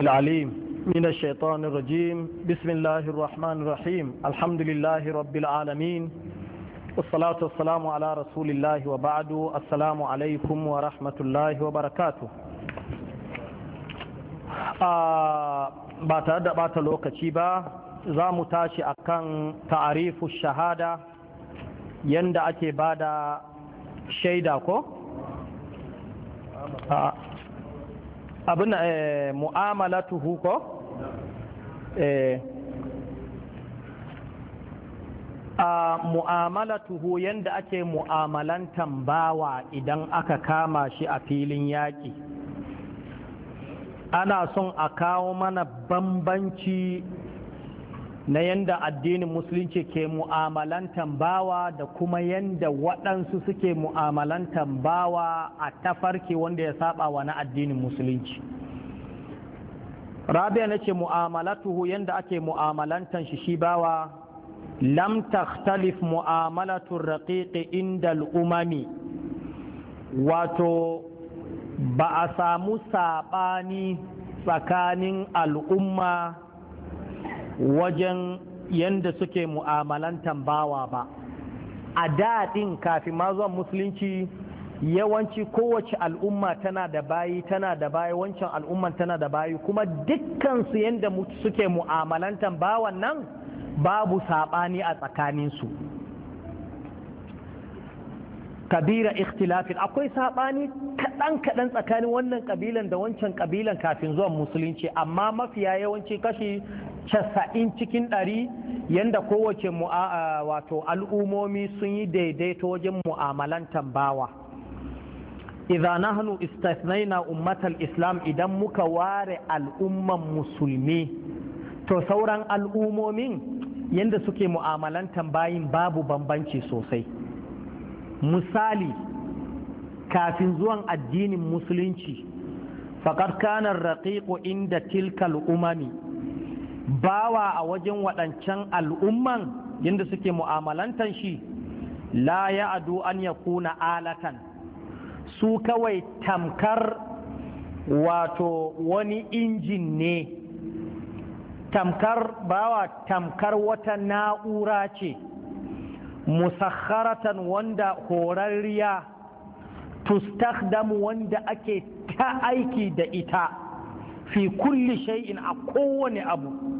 العليم من الشيطان الرجيم بسم الله الرحمن الرحيم الحمد لله رب العالمين والصلاة والسلام على رسول الله وبعد السلام عليكم ورحمة الله وبركاته ba tare da bata lokaci ba za mu tashi akan ta'arifu shahada yanda ake bada shaida ko? abin eh, tuhu ko eh, a mu'amala tuhu yadda ake mu'amalan tambawa idan aka kama shi a filin yaƙi ana son a kawo mana bambanci na yanda addinin musulunci ke mu'amalantan bawa da kuma yanda waɗansu suke mu'amalantan bawa a tafarki wanda ya saba wa na addinin musulunci rabia na ce mu'amalatuhu yanda ake mu'amalantan shi shi bawa lam takhtalif mu'amalatun raƙiƙi inda al'umami wato ba a samu saɓani tsakanin al'umma wajen yanda suke mu'amalantan bawa ba a daɗin kafin ma zuwan musulunci yawanci kowace al'umma tana da bayi tana da bayi wancan al'umman tana da bayi kuma dukkansu yadda suke mu'amalantan bawan nan babu saɓani a tsakaninsu kabira ikhtilafin akwai saɓani kaɗan-kaɗan tsakanin wannan ƙabilan da wancan ƙabilan kafin zuwan musulunci amma mafiya yawanci kashi casa'in cikin ɗari yadda kowace wato al'umomi sun yi daidaito wajen Iza bawa idza nahnu na ummatal islam idan muka ware al'umman musulmi to sauran al'umomin yadda suke mu'amalan bayin babu bambanci sosai misali kafin zuwan addinin musulunci faƙar kanar raƙiƙo inda tilkal umami bawa a wajen waɗancan al'umman yadda suke mu'amalantar shi la ya adu an ya kuna alatan su kawai tamkar wato wani injin ne tamkar bawa tamkar wata na'ura ce musakharatan wanda horarriya tustakhdamu wanda ake ta aiki da ita fi kulli shay'in a kowane abu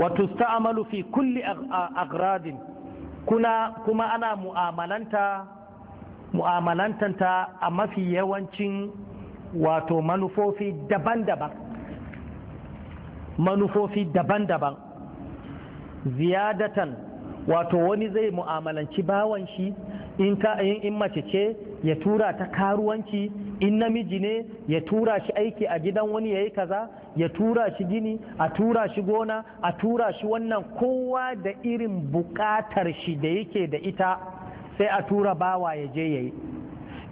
wa tusta'malu fi kulli agradin kuna kuma ana mu'amalanta mu'amalantanta a mafi yawancin wato manufofi daban-daban manufofi daban-daban ziyadatan wato wani zai mu'amalanci bawon shi in mace ce ya tura ta karuwanci in namiji ne ya tura shi aiki a gidan wani ya yi kaza ya tura shi gini a tura shi gona a tura shi wannan kowa da irin bukatar shi da yake da ita sai a tura bawa ya je ya yi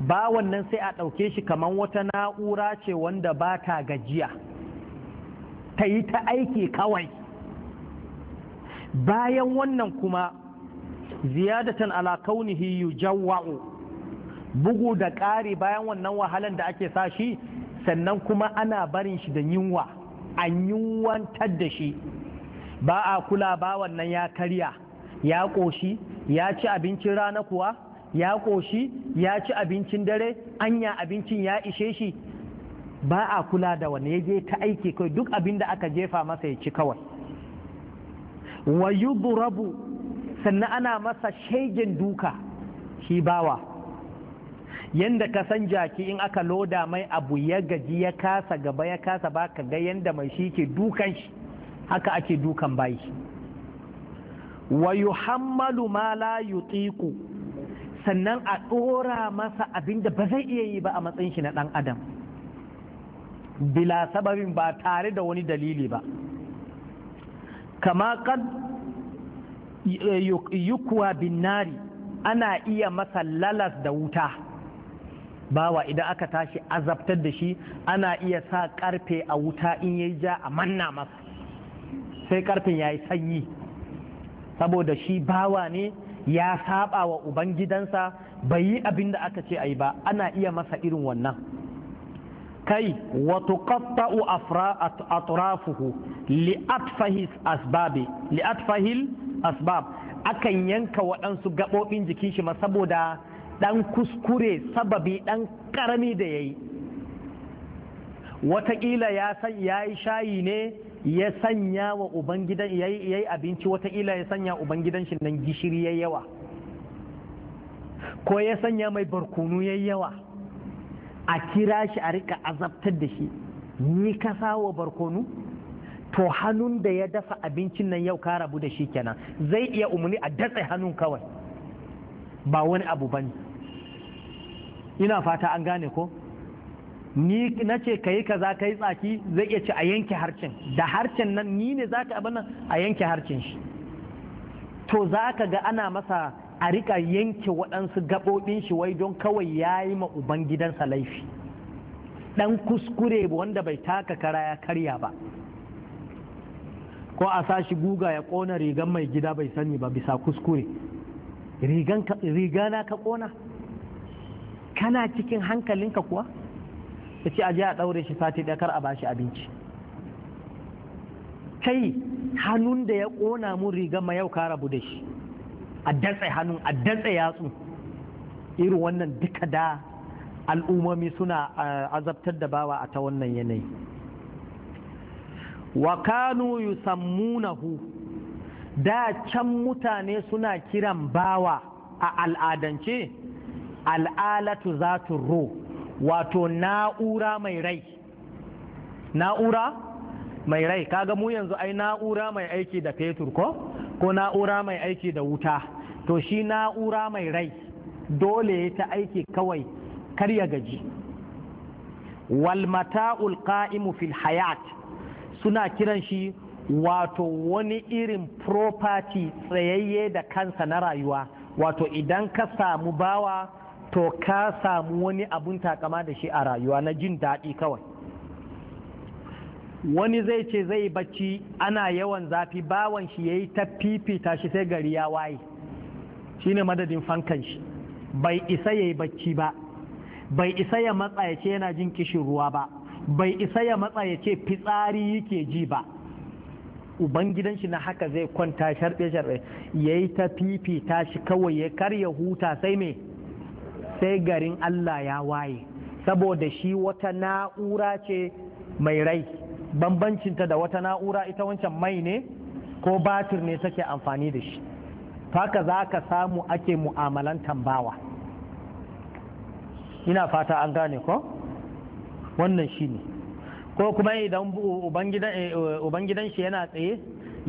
bawan nan sai a ɗauke shi kamar wata na'ura ce wanda ba ta gajiya ta yi ta aiki kawai bayan wannan kuma ziyadatan ala kaunihi yujawwa'u bugu da ƙari bayan wannan wahalan da ake sa shi sannan kuma ana barin shi da yunwa an yunwantar da shi ba a kula ba wannan ya karya ya ƙoshi ya ci abincin rana kuwa ya ƙoshi ya ci abincin dare anya abincin ya ishe shi ba a kula da wani ya je ta aiki kawai duk abin da aka jefa masa ya ci kawai wa rabu sannan ana masa shegen duka shi bawa yanda ka san jaki in aka loda mai abu ya gaji ya kasa gaba ya kasa ba ka ga yanda mai shi ke dukan shi haka ake dukan bayi wa yuhammalu ma la yutiku sannan a ɗora masa abin da ba zai iya yi ba a matsayin shi na ɗan adam bila sababin ba tare da wani dalili ba kama kad eh, yukuwa binnari ana iya masa lalas da wuta bawa idan aka tashi azabtar da shi ana iya sa karfe a wuta in yayi ja a manna masa sai karfin ya yi sanyi saboda shi bawa ne ya saba wa ubangidansa bai yi abin da aka ce a yi ba ana iya masa irin wannan kai wato tuqatta'u u li atfahis asbabi asbab akan yanka waɗansu gaɓoɓin jikin shi ma saboda ɗan kuskure sababi ɗan ƙarami da ya yi watakila ya yi shayi ne ya sanya wa ubangidan ya yi abinci watakila ya sanya ubangidan shi nan gishiri ya yawa ko ya sanya mai barkunu ya yawa a kira shi a rika azabtar da shi ni ka wa barkonu to hannun da ya dafa abincin nan yau ka rabu da shi kenan zai iya umarni a datse hannun kawai ba wani abu bane ina fata an gane ko ni na ce ka yi kaza ka yi tsaki zai iya ci a yanke harcin da harcin nan ni ne za ka abin nan a yanke harcin shi to za ka ga ana masa a rika yanke waɗansu gaɓoɓin shi wai don kawai ya yi ma ubangidansa laifi ɗan kuskure wanda bai taka kara ya karya ba ko a sashi guga ya ƙona rigan mai gida bai sani ba bisa kuskure riga na ka ƙona kana cikin hankalinka kuwa ya ce aje a ɗaure shi sati ɗaya kar a bashi abinci kai hannun da ya ƙona mun riga ma yau ka rabu da shi a datse hannun a datse yatsu irin wannan duka da al'ummomi suna eh, azabtar da bawa a ta wannan yanayi wa kanu yusammunahu da can mutane suna kiran bawa a al'adance al'alatu za ro wato na'ura mai rai na'ura mai rai kaga mu yanzu ai na'ura mai aiki da fetur ko ko na'ura mai aiki da wuta to shi na'ura mai rai dole ta aiki kawai karya gaji wal mata'ul qa'imu fil hayat suna kiran shi wato wani irin property tsayayye da kansa na rayuwa wato idan ka samu bawa to ka samu wani abun takama da shi a rayuwa na jin daɗi kawai wani zai ce zai bacci ana yawan zafi bawan shi ya yi ta fifita shi sai gari ya waye shi ne madadin fankan shi bai isa ya yi bacci ba bai isa ya matsa ya ce yana jin kishin ruwa ba bai isa ya matsa ya ce fitsari yake ji ba ubangidan shi na haka zai kwanta sharɓe-sharɓe ya yi ta fifita shi kawai ya karya huta sai mai. sai garin Allah ya waye saboda shi wata na'ura ce mai rai bambancinta da wata na'ura ita wancan mai ne ko batir ne take amfani da shi haka za ka samu ake muamalan tambawa ina fata an gane ko wannan shi ne ko kuma idan eh, ubangidan shi yana tsaye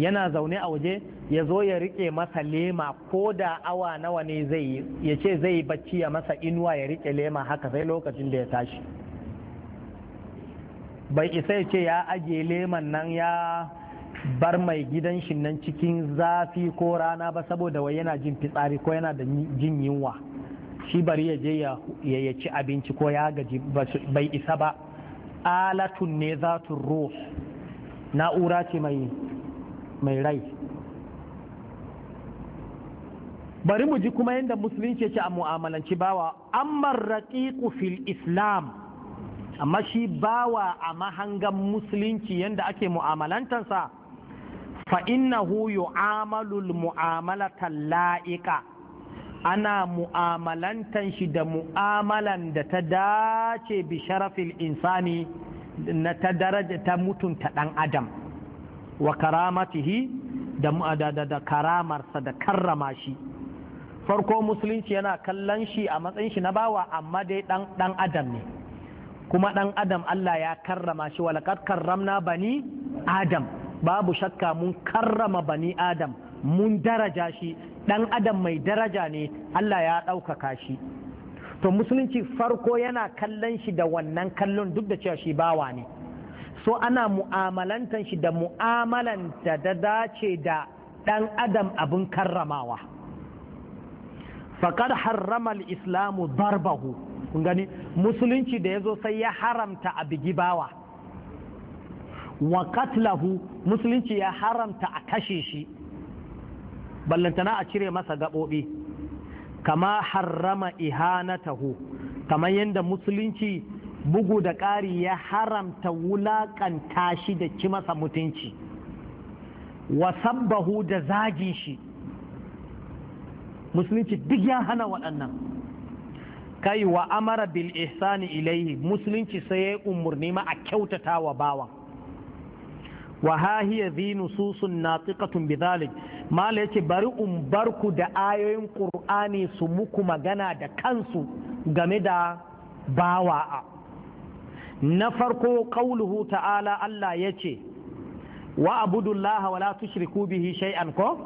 yana zaune a waje ya zo ya rike masa lema ko da awa nawa ne zai yi ya ce zai yi bacci ya masa inuwa ya rike lema haka sai lokacin da ya tashi bai isa ya ce ya ajiye leman nan ya bar mai gidan shi nan cikin zafi ko rana ba saboda wai yana jin fitsari ko yana da jin yunwa shi bari ya je ya ci abinci ko ya gaji bai isa ba alatun ne zatun ruh na'ura ce mai mai rai bari mu ji kuma yadda musulunci ce a mu'amalanci bawa amma raƙiƙu fil islam amma shi bawa a mahangan musulunci yadda ake mu'amalantansa fa innahu yu'amalul mu'amalatan mu'amalata la'ika ana mu'amalantan shi da mu'amalan da ta dace bi sharafin insani na ta daraja ta mutunta ɗan adam wa karamatihi da karamarsa da karrama shi farko musulunci yana kallon shi a matsayin shi na bawa amma dai dan adam ne kuma dan adam Allah ya karrama shi walakar karramna bani adam babu shakka mun karrama bani adam mun daraja shi dan adam mai daraja ne Allah ya ɗaukaka shi to musulunci farko yana kallon shi da wannan kallon duk da cewa shi bawa ne so ana mu'amalantan shi da mu'amalan da dace da ɗan adam abin karramawa faƙar harramal islamu darbahu kun gani musulunci da ya zo sai ya haramta a bigibawa wa katlahu musulunci ya haramta a kashe shi ballantana a cire masa gaɓoɓi kama harrama ihanatahu kamar yadda musulunci bugu da ƙari ya haramta wulaƙanta shi da ci masa mutunci wasabbahu da zagin shi musulunci duk ya hana waɗannan kai wa amara bil ihsani ilaihi musulunci sai ya umarni ma a kyautata wa bawa wa hahiya zi nususun tsikatun bizalik mala yace bari in barku da ayoyin qur'ani su muku magana da kansu game da bawa a na farko ƙauluhu ta'ala Allah ya ce wa abudullaha wa la tushriku bihi shay'an ko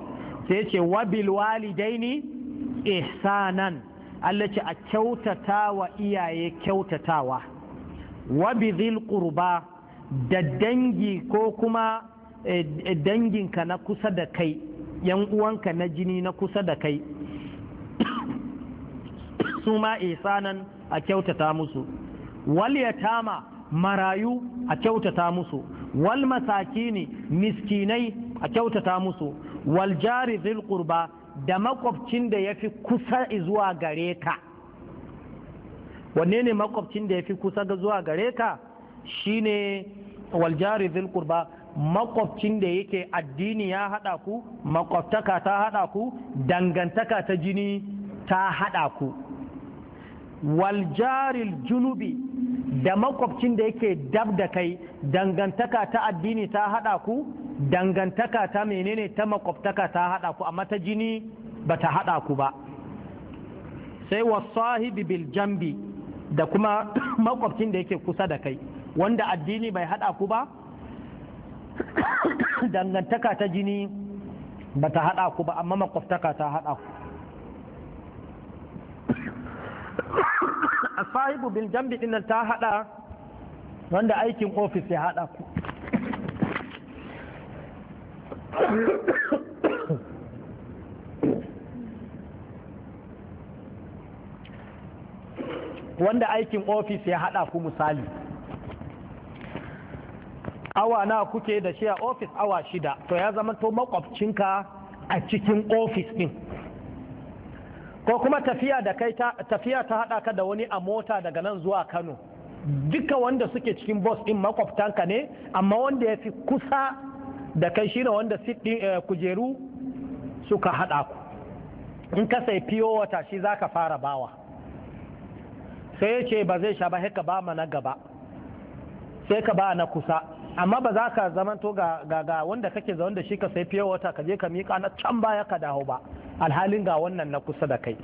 sai ce wa bil walidaini ihsanan Allah ce a kyautata wa iyaye kyautatawa wa bi dhil qurba da dangi ko kuma eh, eh, danginka na kusa da kai yan uwanka na jini na kusa da kai su ma ihsanan a kyautata musu wal yatama marayu a kyautata musu wal masakini miskinai a kyautata musu wal jari zil qurba da makwabcin da yafi kusa zuwa gare ka wanne ne makwabcin da yafi kusa zuwa gare ka shine wal jari zil qurba makwabcin da yake addini ya haɗa ku makwabtaka ta haɗa ku dangantaka ta jini ta haɗa ku Waljarin junubi da makwabcin da yake dab da kai dangantaka ta addini ta hada ku dangantaka ta menene ta makwabtaka ta hada ku amma ta jini ba ta hada ku ba sai wasahibi bil jambi da kuma makwabcin da yake kusa da kai wanda addini bai hada ku ba dangantaka ta jini ba ta hada ku ba amma makwabtaka ta hada ku a sahibu bil jambi dinnan ta hada wanda aikin ofis ya hada ku wanda aikin ofis ya hada ku misali awa na kuke da shi a ofis awa shida to ya zama to makwabcinka a cikin ofis din ko kuma tafiya da kai tafiya ta haɗa ka da wani a mota daga nan zuwa Kano duka wanda suke cikin bus din makwabtanka ne amma wanda ya fi kusa da kai shine wanda eh, kujeru suka haɗa ku in ka sai fiyo wata shi za fara bawa sai ya ce ba zai sha ba ka ba mana na gaba sai ka ba na kusa amma ba za ka zamanto ga, wanda kake zaune da shi ka sai fiyo wata ka je ka miƙa na can baya ka dawo ba alhalin ga wannan na kusa da kai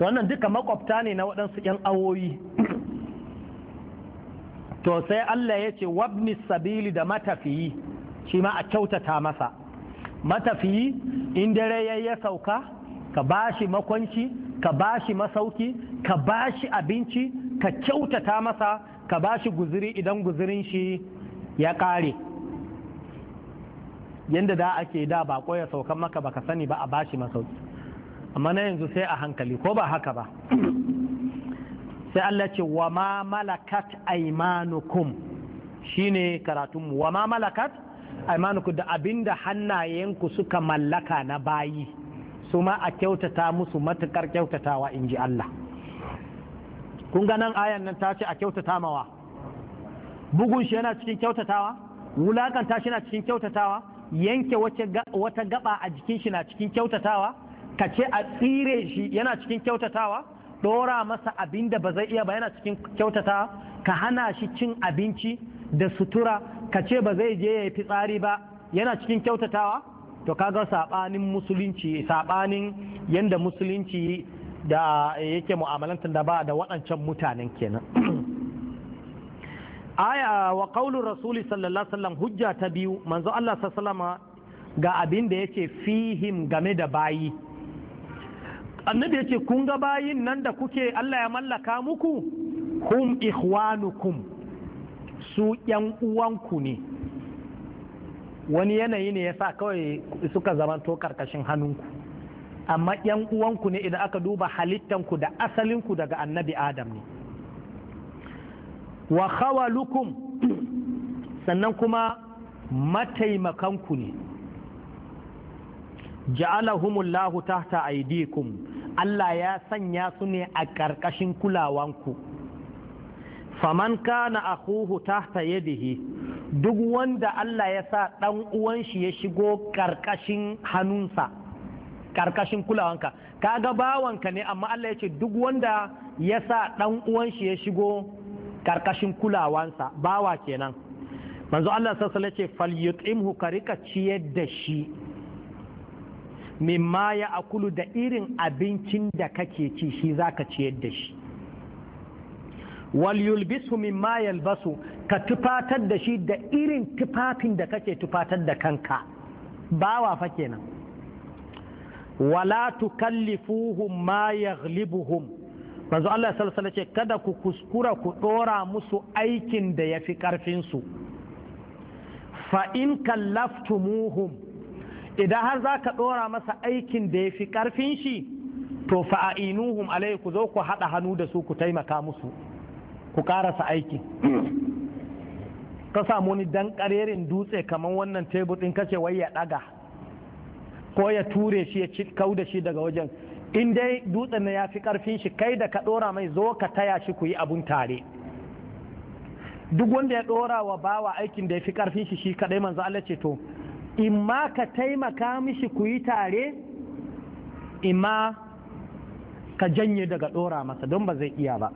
wannan duka makwabta ne na waɗansu 'yan awoyi to sai Allah ya ce wabni sabili da matafiyi shi ma a kyautata masa matafiyi in dare ya ya sauka ka bashi makwanci ka bashi masauki ka bashi abinci ka kyautata masa ka bashi guziri idan guzirin shi ya ƙare yadda da ake da bako ya saukan maka baka sani ba a bashi masauki amma na yanzu sai a hankali ko ba haka ba sai Allah ce wa ma malakat aimanukum shine karatun mu wa ma malakat aimanukum da abinda hannayenku suka mallaka na bayi su ma a kyautata musu matukar kyautatawa in ji Allah kun ga nan ayan nan ta ce a kyautata mawa bugun shi yana cikin kyautatawa ta shi yana cikin kyautatawa yanke wata gaba a jikin shi na cikin kyautatawa ka ce a tsire shi yana cikin kyautatawa ɗora masa abin da ba zai iya ba yana cikin kyautatawa ka hana shi cin abinci da sutura ka ce ba zai je ya yi fitsari ba yana cikin kyautatawa to kaga sabanin musulunci sabanin yadda musulunci da yake mu'amalantar da ba da waɗancan mutanen kenan aya wa qaulur rasuli sallallahu alaihi wasallam hujja ta biyu manzo Allah sallallahu ga abin da yace fihim game da bayi annabi yace kun ga bayin nan da kuke Allah ya mallaka muku hum ikhwanukum su yan uwanku ne wani yanayi ne yasa kawai suka zamanto karkashin hannunku amma yan uwanku ne idan aka duba halittanku da asalinku daga annabi adam ne wa khawalukum sannan kuma mataimakanku ne ja'alahumullahu tahta aidikum Allah ya sanya su ne a ƙarƙashin kulawanku faman kana akhuhu tahta yadihi duk wanda Allah ya sa dan uwan shi ya shigo ƙarƙashin hannunsa ƙarƙashin kulawanka kaga bawanka ne amma Allah ya ce duk wanda ya sa ɗan uwan shi ya shigo karkashin kulawansa bawa kenan manzo Allah sassale ce falyutimhu ka rika ciyar da shi mimma ya akulu da irin abincin da kake ci shi zaka ciyar da shi wal yulbisu mimma yalbasu ka tufatar da shi da irin tufafin da kake tufatar da kanka bawa fa kenan wala tukallifuhum ma yaghlibuhum manzo Allah sallallahu alaihi ce kada ku kuskura ku dora musu aikin da ya fi ƙarfinsu fa in kallaftumuhum idan har za ka ɗora masa aikin da ya fi ƙarfin shi to fa ainuhum alai ku zo ku haɗa hannu da su ku taimaka musu ku karasa aikin ka samu ni dan karerin dutse kamar wannan tebur din kace wai ya ɗaga ko ya ture shi ya kau da shi daga wajen in dai dutsen ya fi karfin shi kai da ka dora mai zo ka taya shi ku yi abun tare duk wanda ya dora wa bawa aikin da ya fi karfin shi shi kadai manzo Allah ce to in ma ka taimaka mishi ku yi tare in ma ka janye daga dora masa don ba zai iya ba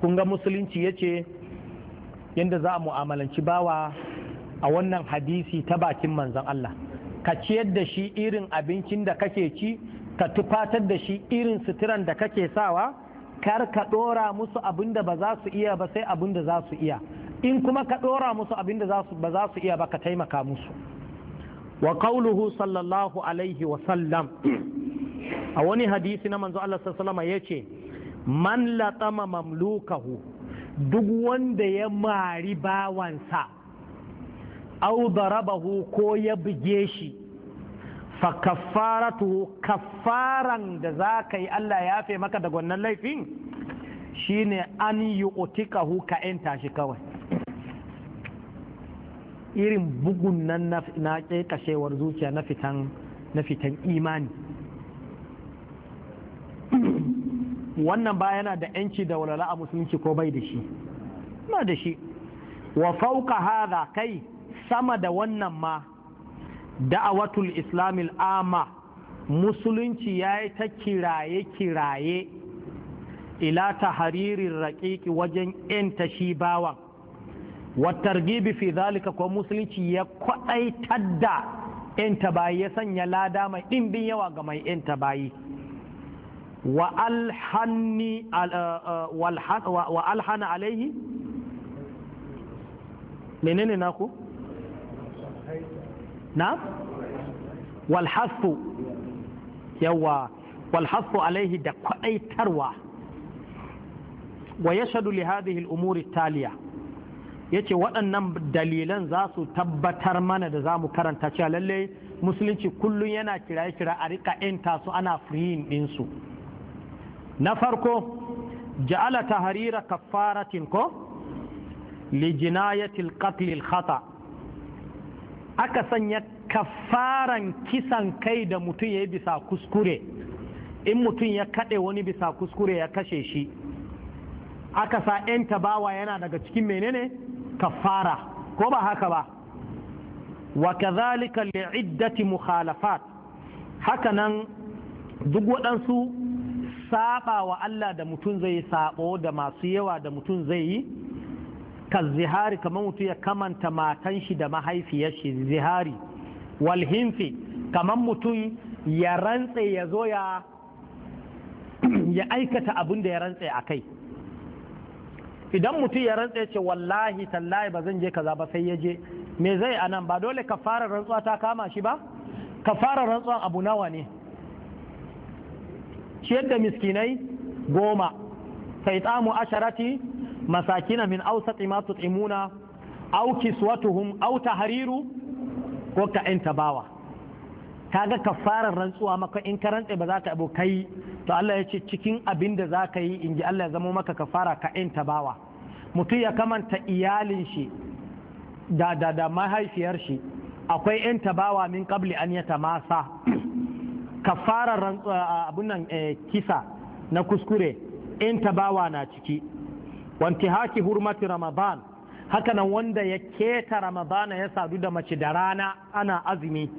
kun ga musulunci ya ce yadda za a mu'amalanci bawa a wannan hadisi ta bakin manzon Allah ka ciyar da shi irin abincin da kake ci ka tufatar da shi irin suturan da kake sawa kar ka ɗora musu abin da ba za su iya ba sai abin da za su iya in kuma ka ɗora musu abin da ba za su iya ba ka taimaka musu wa qauluhu sallallahu alaihi wa sallam a wani hadisi na manzo Allah sallallahu alaihi ce man latama mamlukahu duk wanda ya mari bawansa au darabahu ko ya buge shi fa kaffaratuhu kaffaran da za ka yi Allah ya maka da wannan laifin shine an yi otikahu ka yanta tashi kawai irin bugun nan na kashewar zuciya na fitan imani wannan ba yana da yanci da walala a musulunci ko bai da shi ba da shi wa fauka haga kai sama da wannan ma da'awatul islamil ama musulunci ya yi ta kiraye-kiraye ila ta haririn raƙiƙi wajen 'yanta shi bawan watargibi fi zalika ko musulunci ya kwaɗaitar da 'yanta bayi ya sanya lada mai ɗimbin yawa ga mai 'yanta bayi wa uh, uh, alhana alaihi menene naku? na walhasu yawa walhasu alaihi da kwadaitarwa wa ya shaɗu lihadihi al'umuri taliya ya ce waɗannan dalilan za su tabbatar mana da za mu karanta cewa lalle musulunci kullum yana kiraye-kira a rika 'yanta su ana firin ɗinsu na farko ja'ala taharira kafaratin ko li jinayatil qatlil khata' aka sanya kafaran kisan kai da mutum ya yi bisa kuskure in mutum ya kaɗe wani bisa kuskure ya kashe shi aka sa 'yan tabawa yana daga cikin menene kafara ko ba haka ba wa kazalika li'iddati mukhalafat haka nan duk waɗansu saɓa wa Allah da mutum zai saɓo da masu yawa da mutum zai yi ka zihari kamar mutum ya kamanta matan shi da mahaifiyar shi zihari wal kamar mutum ya rantse ya zo ya aikata abin da ya rantse a kai idan mutum ya rantse ce wallahi tallahi ba zan je ka zaba sai ya je me zai anan ba dole ka fara rantsuwa ta kama shi ba ka fara rantsuwan abu nawa ne ciyar da miskinai goma sai tsamu asharati masakina min ausati ma tut'imuna aw kiswatuhum aw tahriru ko ka in tabawa kaga kafarar rantsuwa maka in ka rantse ba za ka abu kai to Allah ya ce cikin abin da za ka yi in ji Allah ya zamo maka kafara ka in tabawa mutum ya kamanta iyalin shi da da da mahaifiyar shi akwai in tabawa min qabli an masa kafarar rantsuwa abun nan kisa na kuskure in tabawa na ciki Wanti haki hurmati ramadan hakanan wanda ya keta ramadan ya sadu da mace da rana ana azumi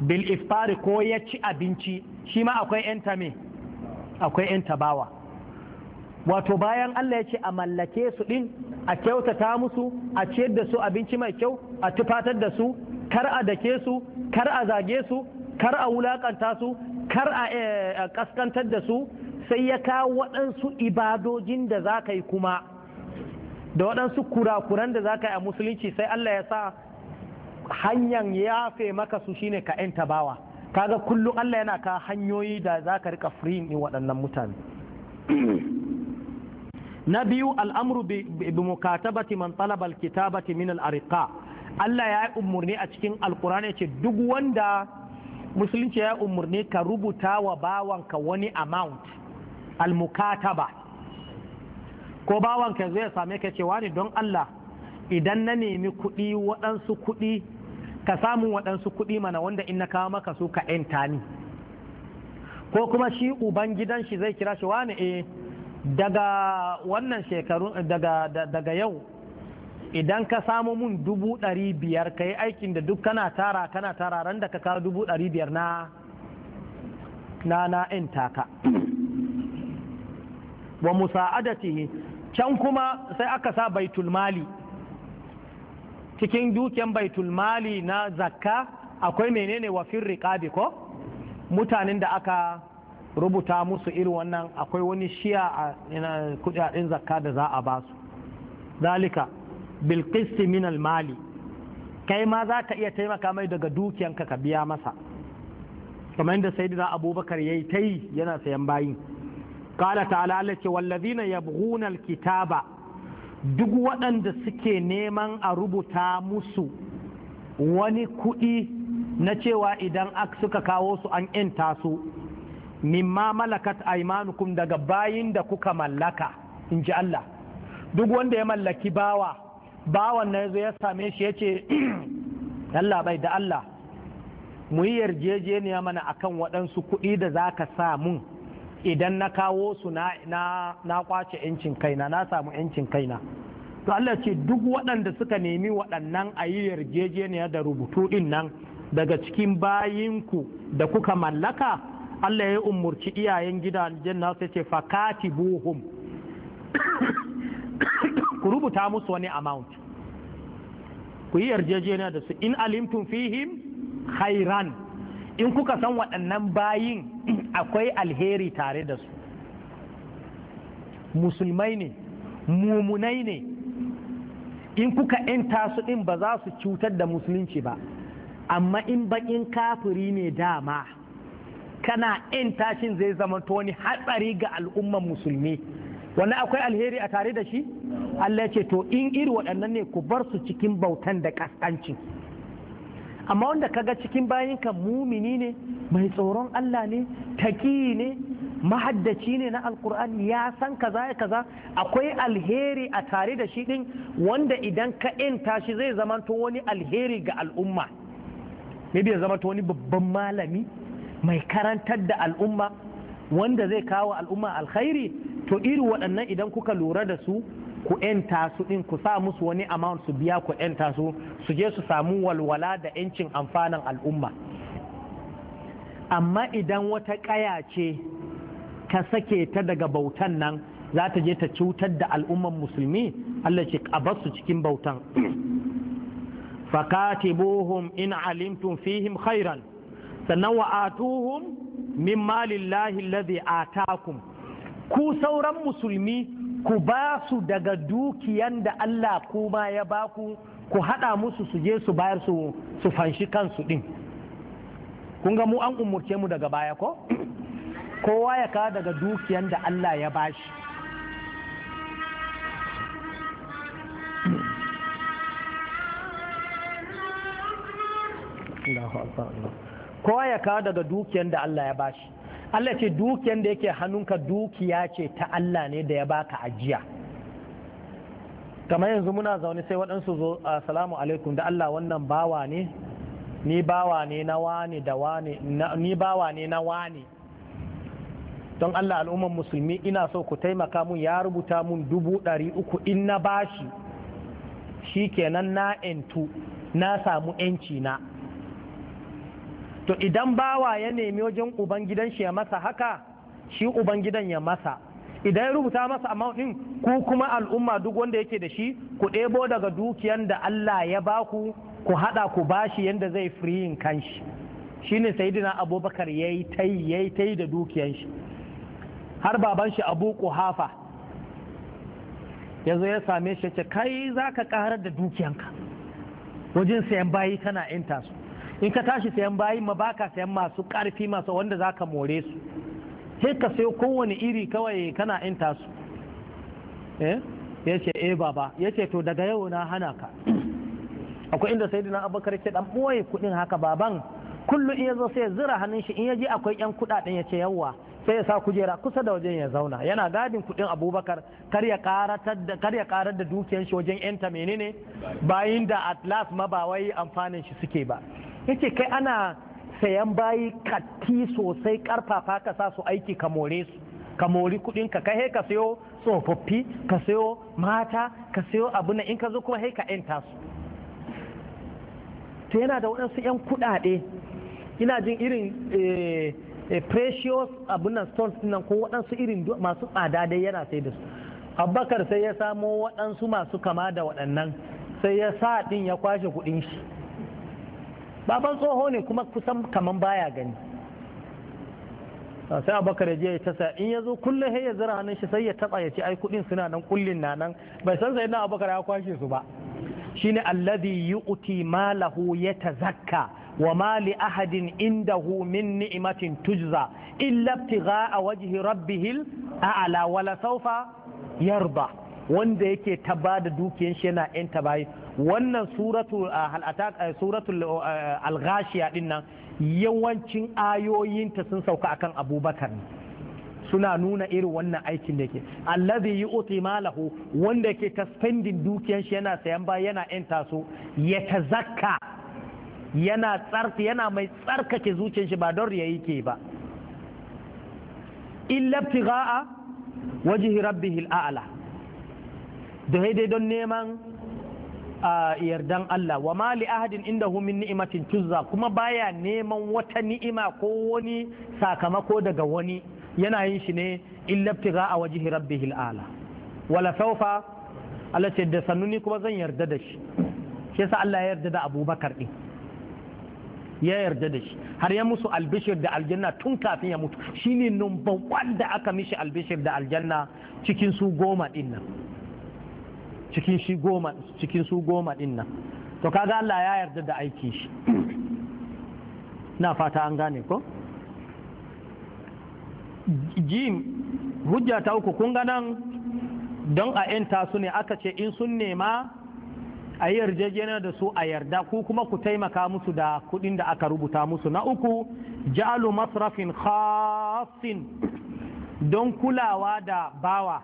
bil iftari ko ya ci abinci shi ma akwai yan me akwai yan bawa. wato bayan Allah ya ce a mallake su din a kyautata musu a ciyar da su abinci mai kyau a tufatar da su kar a dake su kar a zage su kar a wulakanta su kar a kaskantar eh, da su sai ya kawo waɗansu ibadojin da za ka yi kuma da waɗansu kurakuran da za ka yi a musulunci sai Allah ya sa hanyar yafe maka su shine ka ‘yanta bawa kaga kullum Allah yana ka hanyoyi da za ka rika firin waɗannan mutane na biyu al'amru bi mukatabati man talabal kitabati min al'arika Allah ya yi umarni a cikin alkurani ce duk wanda musulunci ya yi umarni ka rubuta wa bawanka wani amount almukataba ko bawanka ka ya same ka cewa ne don Allah idan na nemi kuɗi waɗansu kuɗi ka samu waɗansu kuɗi mana wanda in na kawo maka su ka ‘yanta ni ko kuma shi uban gidan shi zai kira shi wani e eh, daga wannan shekarun daga, yau idan ka samu mun dubu ɗari biyar ka yi aikin da duk kana tara kana tara ran ka kawo dubu ɗari biyar na na na ‘yanta ka wa musa'adatihi can kuma sai aka sa baitul mali cikin dukiyan baitul mali na zakka akwai menene wa firriqabi ko mutanen da aka rubuta musu irin wannan akwai wani shiya a kudaden zakka da za a basu zalika bil min al mali kai ma za ka iya taimaka mai daga dukiyanka ka biya masa kamar yadda sayyidina abubakar yayi ta yi yana sayan bayin kala ta Allah ce na yabghuna kitaba. duk waɗanda suke neman a rubuta musu wani kuɗi na cewa idan suka kawo su an inta su mimma malakat aimanukum daga bayin da kuka mallaka in ji Allah duk wanda ya mallaki bawa bawan na ya same shi ya ce Allah bai da Allah mu yi yarjejeniya mana akan waɗansu kuɗi da za ka sa mun idan na kawo su na kwace yancin kaina na samu yancin kaina to Allah ce duk waɗanda suka nemi waɗannan a yi yarjejeniya da rubutu din nan daga cikin bayinku da kuka mallaka Allah ya umurci iyayen gidajen sai ce fakati buhum ku rubuta musu wani amount ku yi yarjejeniya da su in alimtum fihim khairan in kuka san waɗannan bayin akwai alheri tare da su musulmai ne mumunai ne in kuka ‘yanta su ɗin ba za su cutar da musulunci ba amma in baƙin kafiri ne dama kana in tashin zai zama wani hatsari ga al'umman musulmi Wani akwai alheri a tare da shi Allah ya ce to in iri waɗannan ne ku bar su cikin bautan da ƙasƙancin amma wanda kaga cikin bayinka mumini ne mai tsoron Allah ne taki ne mahaddaci ne na alkur'ani ya san kaza ya kaza akwai alheri a tare da shi din wanda idan ka in tashi zai zamanto wani alheri ga al'umma maybe ya zamanto wani babban malami mai karantar da al'umma wanda zai kawo al'umma alkhairi to irin waɗannan idan kuka lura da su ku ‘yanta su ɗin ku sa musu wani amount su biya ku ‘yanta su su je su samu walwala da ‘yancin amfanin al'umma amma idan wata ƙaya ce ka sake ta daga bautan nan za ta je ta cutar da al'umman musulmi Allah ce a basu cikin bautan fakatibuhum in alimtum fihim khairan sannan wa atuhum min malillahi alladhi atakum ku sauran musulmi ku ba su daga dukiyan da Allah kuma ya baku ku haɗa musu su je su bayar su su fanshi kansu ɗin kun ga mu an umurce mu daga baya ko kowa ya ka daga dukiyan da Allah ya shi kowa ya kawo daga dukiyan da Allah ya bashi Allah ce dukiyan da yake hannunka dukiya ce ta Allah ne da ya baka ajiya kamar yanzu muna zaune sai waɗansu zo salamu alaikum da Allah wannan bawa ne ni bawa ne na wane da wane ni bawa ne na wane don Allah al'umman musulmi ina so ku taimaka mun ya rubuta mun dubu ɗari uku in na bashi shi kenan na na samu 'yanci na to idan bawa ya nemi wajen gidan shi ya masa haka shi uban gidan ya masa idan ya rubuta masa amma din ku kuma al'umma duk wanda yake da shi ku ɗebo daga dukiyan da Allah ya baku ku haɗa ku bashi yadda zai kan kanshi shine sayyidina abubakar yayi tai yayi tai da dukiyan shi har baban shi abu kuhafa ya zo ya same shi ce kai zaka karar da dukiyanka wajen sayan bayi kana intasu in ka tashi sayan bayi ma baka sayan masu karfi masu wanda za ka more su sai ka sayo kowane iri kawai kana in su eh? ya ce eh baba ya ce to daga yau na hana ka akwai inda sai dina abubakar ke dan ɓoye kuɗin haka baban kullum in ya zo sai zira hannun shi in ya ji akwai yan kuɗaɗen ya ce yawa. sai ya sa kujera kusa da wajen ya zauna yana gadin kuɗin abubakar kar ya karar da dukiyar shi wajen yanta menene bayin da atlas ma ba wai amfanin shi suke ba yace kai ana sayan bayi katti sosai karfafa ka sa su aiki ka more su ka mori kudin ka kai ka sayo tsofaffi ka sayo mata ka sayo abu na in ka zo kuma ka yanta su to yana da waɗansu 'yan kuɗaɗe ina jin irin eh, eh, precious abun nan stones nan ko waɗansu irin masu tsada dai yana sai da su abubakar sai ya samo waɗansu masu kama da waɗannan sai ya sa ɗin ya kwashe kuɗin shi baban tsoho ne kuma kusan kaman baya gani sai abakar je ya tasa in ya zo kullum sai ya zira hannun shi sai ya taba ya ce ai kudin suna nan kullin na nan bai san sai na abakar ya kwashe su ba shine alladhi yu'ti malahu yatazakka wa ma li ahadin indahu min ni'matin tujza illa ibtigha'a wajhi rabbihil a'la wala sawfa yarda wanda yake ta ba da dukiyan shi yana yan bayi wannan suratul suratul al-ghashiya din nan yawancin ayoyinta sun sauka akan abubakar suna nuna irin wannan aikin da ke allazi yu'ti malahu wanda yake ta spending dukiyan shi yana sayan ba yana yan taso ya tazakka yana tsarki yana mai tsarkake zuciyar shi ba don riya ke ba illa ibtigha'a wajhi rabbihil a'la da dai don neman a yardan Allah wa mali ahadin inda min ni'matin tuzza kuma baya neman wata ni'ima ko wani sakamako daga wani yana yin shi ne illa ibtiga a waje Rabbi ala wala saufa Allah ce da sannuni kuma zan yarda da shi shi yasa Allah ya yarda da Abubakar din ya yarda da shi har ya musu albishir da aljanna tun kafin ya mutu shine number 1 da aka mishi albishir da aljanna cikin su goma din nan cikin shi goma cikin su goma din nan to kaga Allah ya yarda da aiki shi na fata an gane ko jim hujja ta uku kun nan don a yanta su ne aka ce in sun nema a yi yarjejeniya da su a yarda ko kuma ku taimaka musu da kudin da aka rubuta musu na uku ja'alu masrafin khasin don kulawa da bawa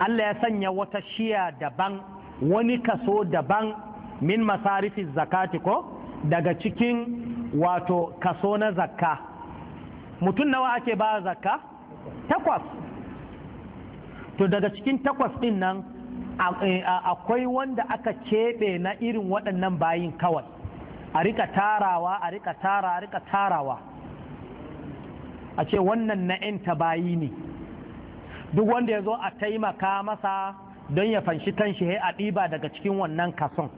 Allah ya sanya wata shiya daban wani kaso daban min masarifi zakati ko daga cikin wato kaso na zakka mutum nawa ake ba zakka takwas to daga cikin takwas din nan eh, akwai wanda aka keɓe na irin waɗannan bayin kawai a rika tarawa a rika tara a rika tarawa a ce wannan na 'yan bayi ne duk wanda ya zo a taimaka masa don ya fanshi kanshi a ɗiba daga cikin wannan kason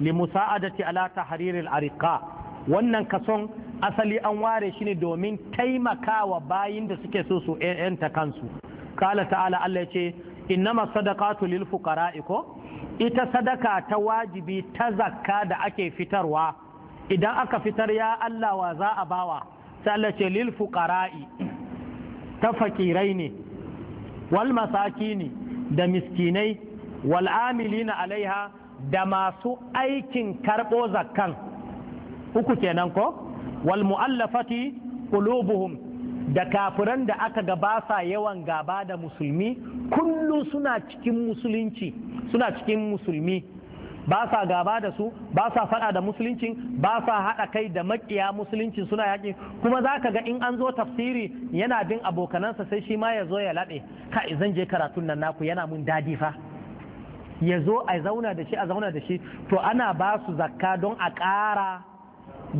musa'adati ala tahriril ariqa wannan kason asali an ware shi ne domin taimakawa bayin da suke so su ta kansu kala ta'ala Allah ya ce innama sadaqatu lil fuqara'i ko ita sadaka ta wajibi ta zakka da ake fitarwa idan aka fitar ya Allah wa za a bawa sai Allah ce lil fuqara'i ta fakirai ne wal ne da miskinai wal amilina alaiha da masu aikin karɓo zakkan uku kenan ko wal mu'allafati qulubuhum da kafiran da aka ga basa sa yawan gaba da musulmi kullum suna cikin musulunci suna cikin musulmi ba sa gaba da su ba sa fada da musulunci ba sa hada kai da makiya musulunci suna yaki kuma za ka ga in an zo tafsiri yana bin abokanansa sai shi ma ya zo ya laɓe ka zan je karatun nan naku yana mun dadi fa ya zo a zauna da shi a zauna da shi to ana ba su zakka don a ƙara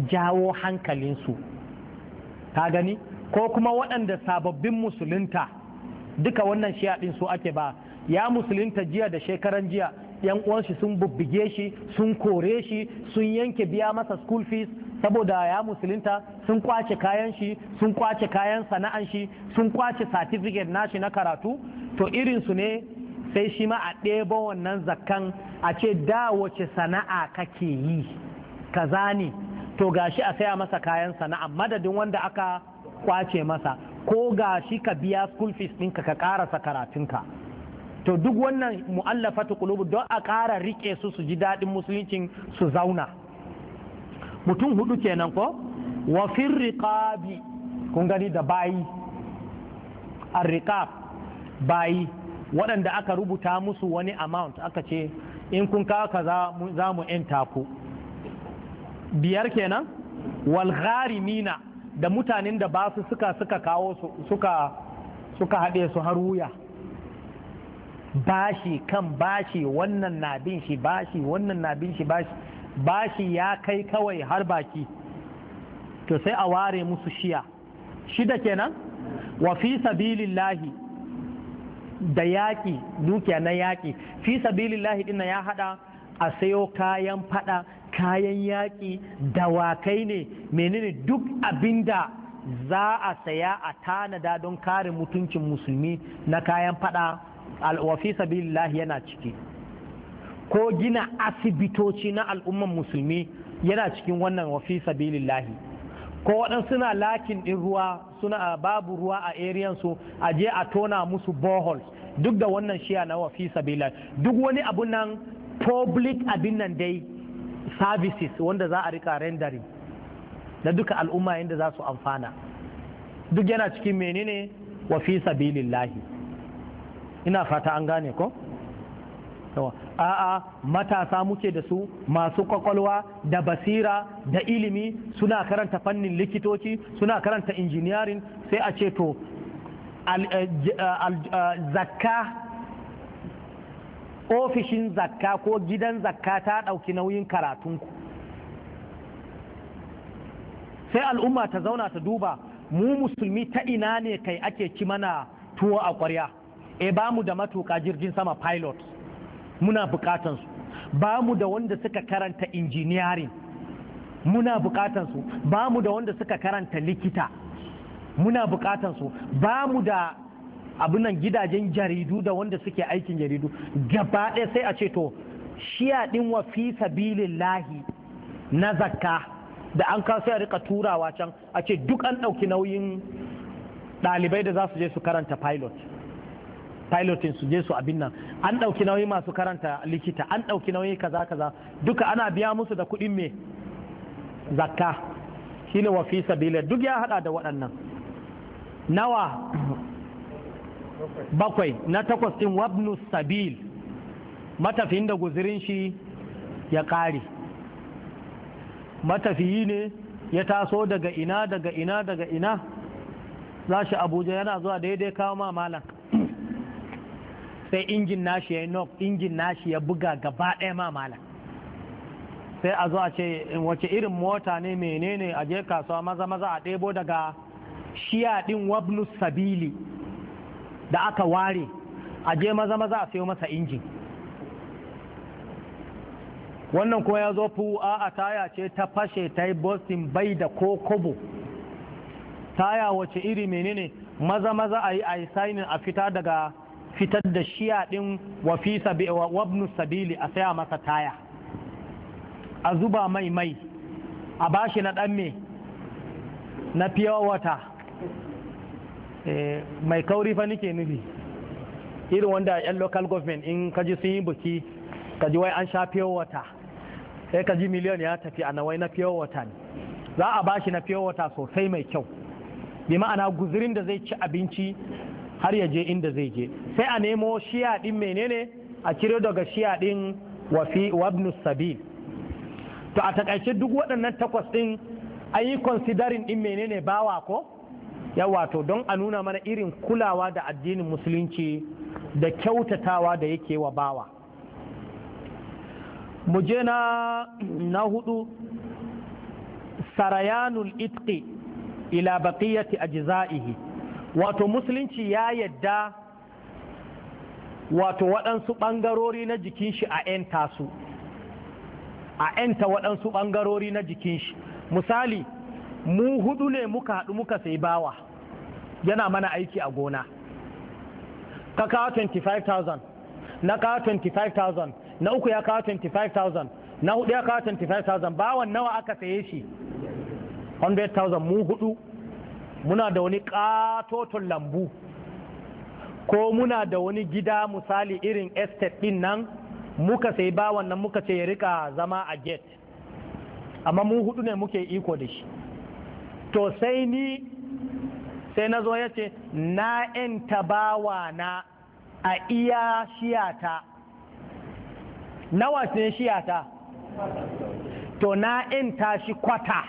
jawo hankalinsu ta gani ko kuma waɗanda sababbin musulunta duka wannan shi ɗin su ake ba ya musulunta jiya da shekaran jiya yan uwan shi sun bubbuge shi sun kore shi sun yanke biya masa school fees saboda ya musulunta sun kwace kayan shi sun kwace kayan sana'an shi sun kwace certificate nashi na karatu to irin su ne sai shi ma a ɗebo wannan zakkan a ce da wace sana'a kake yi kaza ne to gashi a saya masa kayan sana'a madadin wanda aka kwace masa ko gashi ka biya school fees ɗinka ka karasa karatunka to duk wannan mu'allafatu qulubu don a ƙara riƙe su su ji daɗin musuluncin su zauna mutum hudu kenan ko wa riqabi kun gani da bayi arriqab bayi waɗanda aka rubuta musu wani amount aka ce in kun kawo ka za mu yanta ku biyar kenan walgari da mutanen da ba su suka kawo su suka haɗe su har wuya bashi kan bashi wannan na bin shi bashi wannan na bin shi bashi bashi ya kai kawai har baki to sai a ware musu shiya shida kenan wa fi sabilillahi da yaƙi dukiya na yaƙi fi sabilillahi dinna ya hada a sayo kayan fada kayan yaƙi dawakai ne menene duk abinda za a saya a tanada don kare mutuncin musulmi na kayan fada wafi sabilillahi yana ciki ko gina asibitoci na al'umman musulmi yana cikin wannan wafi sabilillahi ko waɗansu suna lakin ɗin ruwa suna babu ruwa a su a je a tona musu boreholes duk da wannan shiya na wafi sabila duk wani abun nan public abin nan dai services wanda za a rika rendering na duka al'umma yadda za su amfana duk yana cikin menene wafi sabilillahi ina fata an gane ko a'a matasa muke da su masu kwakwalwa da basira da ilimi suna karanta fannin likitoci suna karanta injiniyarin sai a ce to eh, eh, eh, zakka ofishin zakka ko gidan zakka ta ɗauki nauyin karatunku sai al'umma ta zauna ta duba mu musulmi ta ina ne kai ake ci mana tuwo a ƙwarya e ba mu da matuƙa jirgin sama pilot muna bukatansu ba mu da wanda suka karanta engineering muna bukatansu ba mu da wanda suka karanta likita muna bukatansu ba mu da abunan gidajen jaridu da wanda suke aikin jaridu gaba ɗaya sai a ce to shiya ɗin wa fi sabilin lahi na zakka da an kawo sai a rika turawa can a ce duk an ɗauki nauyin ɗalibai da za su je su karanta pilot pilotin su je su abin nan an ɗauki nauyi masu karanta likita an ɗauki nauyi kaza kaza duka ana biya musu da kuɗin me zakka shine wa fi sabila duk ya haɗa da waɗannan nawa bakwai na takwas ɗin wabnu sabil matafiyin da guzirin shi ya ƙare matafiyi ne ya taso daga ina daga ina daga ina za shi abuja yana zuwa daidai kawo ma malam sai injin nashi ya nok injin nashi ya buga gaba ɗaya ma malam sai a zo a ce wace irin mota ne menene a je kasuwa maza maza a ɗebo daga shiya ɗin wabnu sabili da aka ware a je maza maza a sayo masa injin wannan kuma ya zo fu a taya ce ta fashe ta yi bostin bai da ko kobo taya wace iri menene maza maza a yi a yi sainin a fita daga fitar da shiya ɗin wabnu sabili a saya masa taya a zuba mai mai a bashi na ɗan me na fiyawa wata eh, mai kauri fa nike nufi irin wanda yan local government in kaji sun yi buki kaji wai an sha fiyawa wata sai kaji miliyan ya tafi a nawai na fiyawa wata ne za a bashi na fiyawa wata sosai mai kyau bi ma'ana guzirin da zai ci abinci har ya je inda zai je sai a nemo shiya din menene a ciro daga shiya din wafi wabnu sabil to a takaice duk waɗannan takwas din an yi considering din menene bawa ko yawa to don a nuna mana irin kulawa da addinin musulunci da kyautatawa da yake wa bawa muje na na hudu sarayanul itqi ila baqiyati ajza'ihi wato musulunci ya yadda wato waɗansu ɓangarori na jikin shi a 'yanta su a 'yanta waɗansu ɓangarori na jikin shi misali mu hudu ne muka haɗu muka sai bawa yana mana aiki a gona ka kawo 25,000 na kawo 25,000 na uku ya kawo 25,000 na hudu ya kawo 25,000 bawan nawa aka saye shi 100,000 mu hudu muna da wani katoton lambu ko muna da wani gida misali irin estate din nan muka sai ba wannan muka ce ya rika zama a get, amma mu hudu ne muke iko da shi to sai ni sai na zo ya ce na yanta tabawa na a iya shiyata nawa ne shiyata to na yan tashi kwata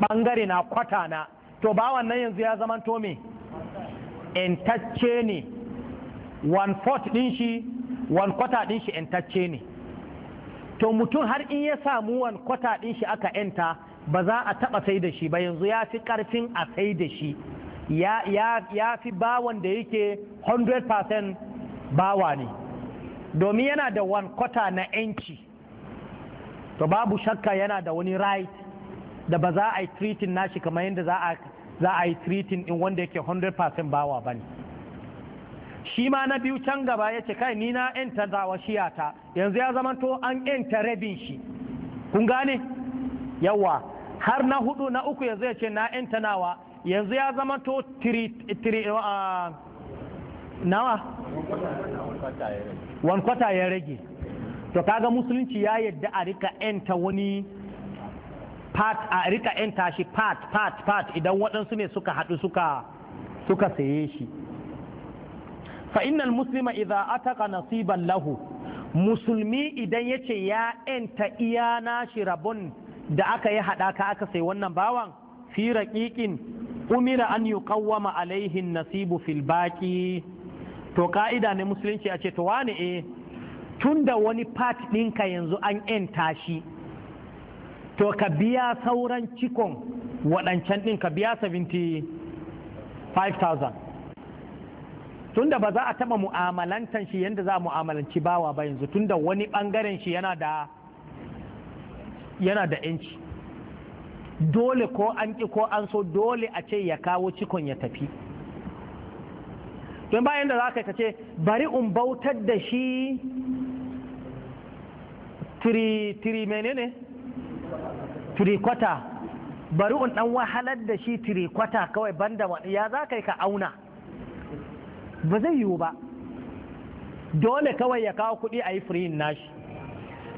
bangare na kwata na to bawan wannan yanzu ya zama to me intacce ne one fourth din shi one quarter din shi intacce ne to mutum har in ya samu one quarter din shi aka yanta, ba za a taba sai da shi ba yanzu ya fi karfin a sai da shi ya, ya fi bawan da yake 100% bawa ne domin yana da one quarter na 'yanci to babu shakka yana da wani right da ba za a yi treating nashi kamar yadda za a yi treating in wanda yake 100% bawa ba ne shi ma na biyu can gaba ya ce kai ni na yanta zawa shiyata yanzu ya zama to an yanta rabin shi kun gane yawa har na hudu na uku yanzu ya ce na yanta nawa yanzu ya zama to uh, nawa wan kwata ya rage to kaga musulunci ya yadda a rika yanta wani part a rika yanta shi part part part idan waɗansu ne suka haɗu suka suka saye shi fa innal muslima idza ataka nasiban lahu musulmi idan yace ya ta iya shi rabon da aka yi haɗaka aka sai wannan bawan fi ƙiƙin, umira an yuqawwama alaihin nasibu fil baqi to ka'ida ne musulunci a ce to wane eh tunda wani part ɗinka yanzu an yanta shi to ka biya sauran cikon waɗancan ɗin ka biya 75,000 tunda ba za a taɓa mu'amalantan shi yadda za a mu'amalanci bawa ba yanzu tunda wani ɓangaren shi yana da 'yanci dole ko an ƙi ko an so dole a ce ya kawo cikon ya tafi don bayan da za ka ce bari in bautar da shi tiri menene ne turikwata bari in dan wahalar da shi turikwata kawai banda ya za ka ka auna ba zai yiwu ba dole kawai ya kawo kuɗi a yi firin nashi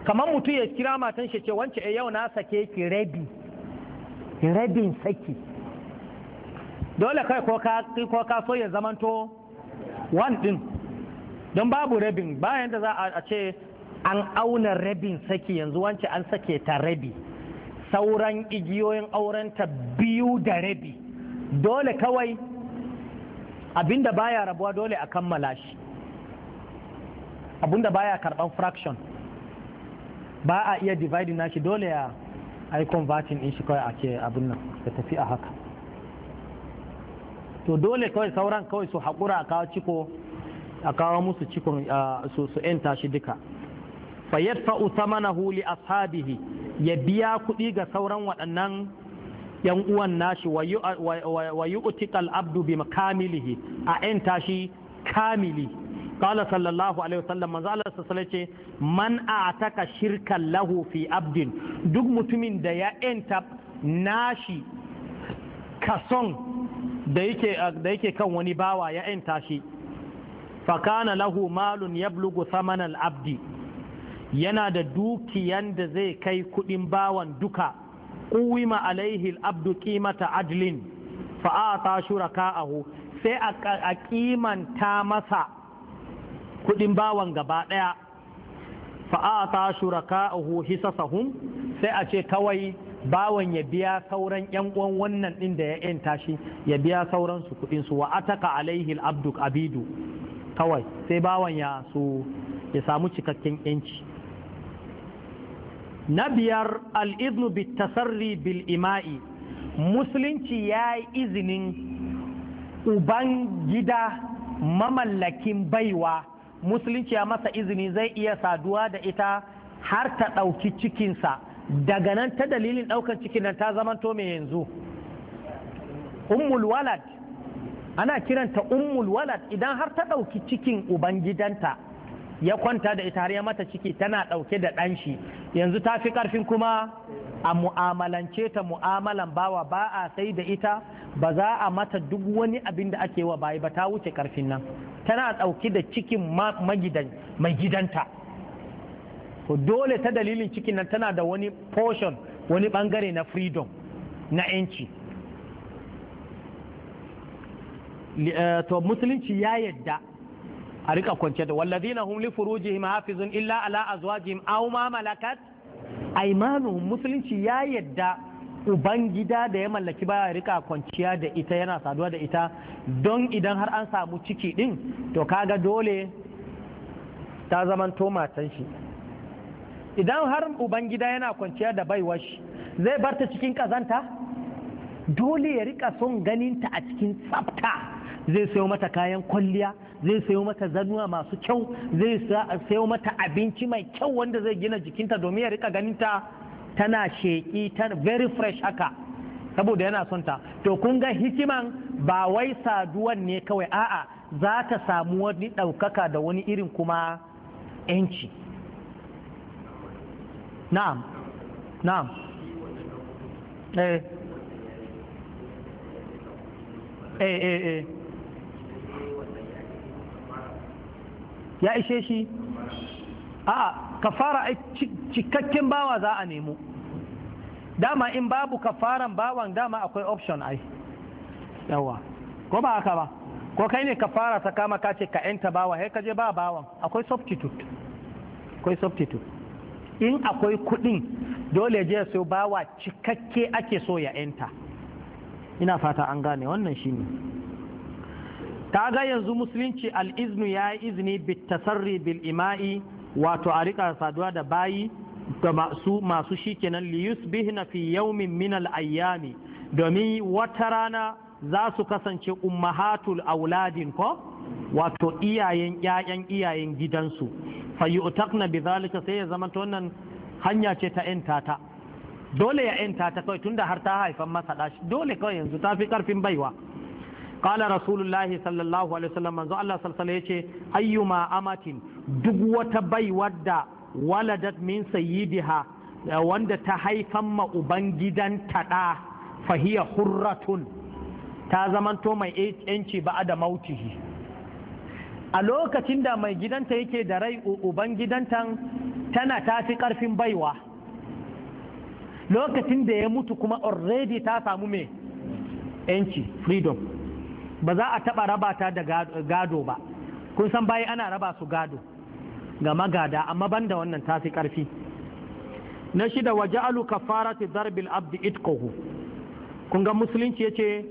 kamar mutum ya kira matan shi ce wance eh, yau na sake ki rabi rabin saki dole kai ko ka ko ka so ya zamanto wan din don babu rabin bayan da za a ce an auna rabin saki yanzu wance an sake ta rabi sauran igiyoyin aurenta biyu da rabi dole kawai abinda baya rabuwa dole a kammala shi abinda baya karban fraction ba a iya dividing nashi dole ya ai converting in shi kawai ake abin nan da tafi a haka to dole kawai sauran kawai su haƙura a kawo ciko a kawo musu cikon su 'yan tashi duka fa yadfa'u huli li ashabihi ya biya kuɗi ga sauran waɗannan yan uwan nashi wa yu'tiqal abdu bi makamilihi a yan tashi kamili qala sallallahu alaihi wasallam manzo Allah sallallahu ce man a'taka shirkan lahu fi abdin duk mutumin da ya enta nashi kason da yake da yake kan wani bawa ya enta shi fakana lahu malun yablugu thamanal abdi yana da dukiyan da zai kai kudin bawan duka kuwima alaihi abdu kimata adlin fa'ata shuraka'ahu sai a kimanta masa kudin bawan gaba daya fa'ata shuraka'ahu hisasahum sai a ce kawai bawan ya biya sauran yan uwan wannan din da ya yanta shi ya biya sauran su kudin su wa ataka alaihi abdu abidu kawai sai bawan ya su ya samu cikakken yanci na biyar al'iznu bitasarri bil ima'i musulunci ya yi izinin uban gida mamallakin baiwa musulunci ya masa izini zai iya saduwa da ita har ta ɗauki cikinsa daga nan ta dalilin ɗaukar cikin nan ta zamanto mai yanzu ummul walad ana kiranta ummul walad idan har ta ɗauki cikin ubangidanta ya kwanta da ita har ya mata ciki tana ɗauke da ɗan shi yanzu ta fi ƙarfin kuma a mu'amalance ta mu'amalan bawa ba a sai da ita ba za a mata duk wani abin da ake wa bayi ba ta wuce ƙarfin nan tana ɗauke da cikin mai gidanta dole ta dalilin cikin nan tana da wani portion wani ɓangare na freedom na 'yanci eh, to musulunci ya yadda a rika kwance da wallazina hum li furujihim hafizun illa ala azwajihim aw ma malakat aymanuhum musulunci ya yadda ubangida da ya mallaki baya rika kwanciya da ita yana saduwa da ita don idan har an samu ciki din to kaga dole ta to matan shi idan har ubangida yana kwanciya da baiwar shi zai barta cikin kazanta dole ya rika son ganinta a cikin tsafta zai sayo mata kayan kwalliya zai sayo mata zanuwa masu kyau zai sayo mata abinci mai kyau wanda zai gina jikinta domin ya rika ganin ta tana sheƙi ta very fresh haka saboda yana son ta to kun ga hikiman ba wai saduwan ne kawai a'a za ta samu wani ɗaukaka da wani irin kuma 'yanci na'am na'am eh eh eh eh ya ishe shi a'a kafara cikakken bawa za a nemo dama in babu kafaran bawan dama akwai option ai yawa ko ba haka ba ko kai ne kafara ta kama ka ce ka yanta bawa sai ka je ba bawan akwai substitute akwai substitute in akwai kudin dole je so bawa cikakke ake so ya yanta ina fata an gane wannan shine Ta ga yanzu musulunci al'iznu ya yi izini bitasarri bil ima'i wato a rika saduwa da bayi ga masu masu shikenan liyus bihna fi yaumin minal ayyami. domin wata rana za su kasance ummahatul auladin ko wato iyayen ƴaƴan iyayen gidansu fayyutakna bi zalika sai ya zama wannan hanya ce ta 'yan tata dole ya 'yan tata kawai tunda har ta haifan masa dole kawai yanzu ta fi karfin baiwa qala rasulullahi sallallahu alaihi wasallam manzo Allah sallallahu ayyuma amatin duk wata bai wadda waladat min sayyidiha wanda ta haifan ma ubangidan taɗa fahiya hurratun ta zamanto mai yanci ba da mautihi a lokacin da mai gidanta yake da rai ubangidantan tana tafi ƙarfin baiwa lokacin da ya mutu kuma already ta samu mai yanci freedom ba za a taɓa raba ta da gado ba kun san bayi ana raba su gado ga magada amma banda wannan ta fi ƙarfi na shida waje alu kafarati zarbil abdi itqahu kun ga musulunci ce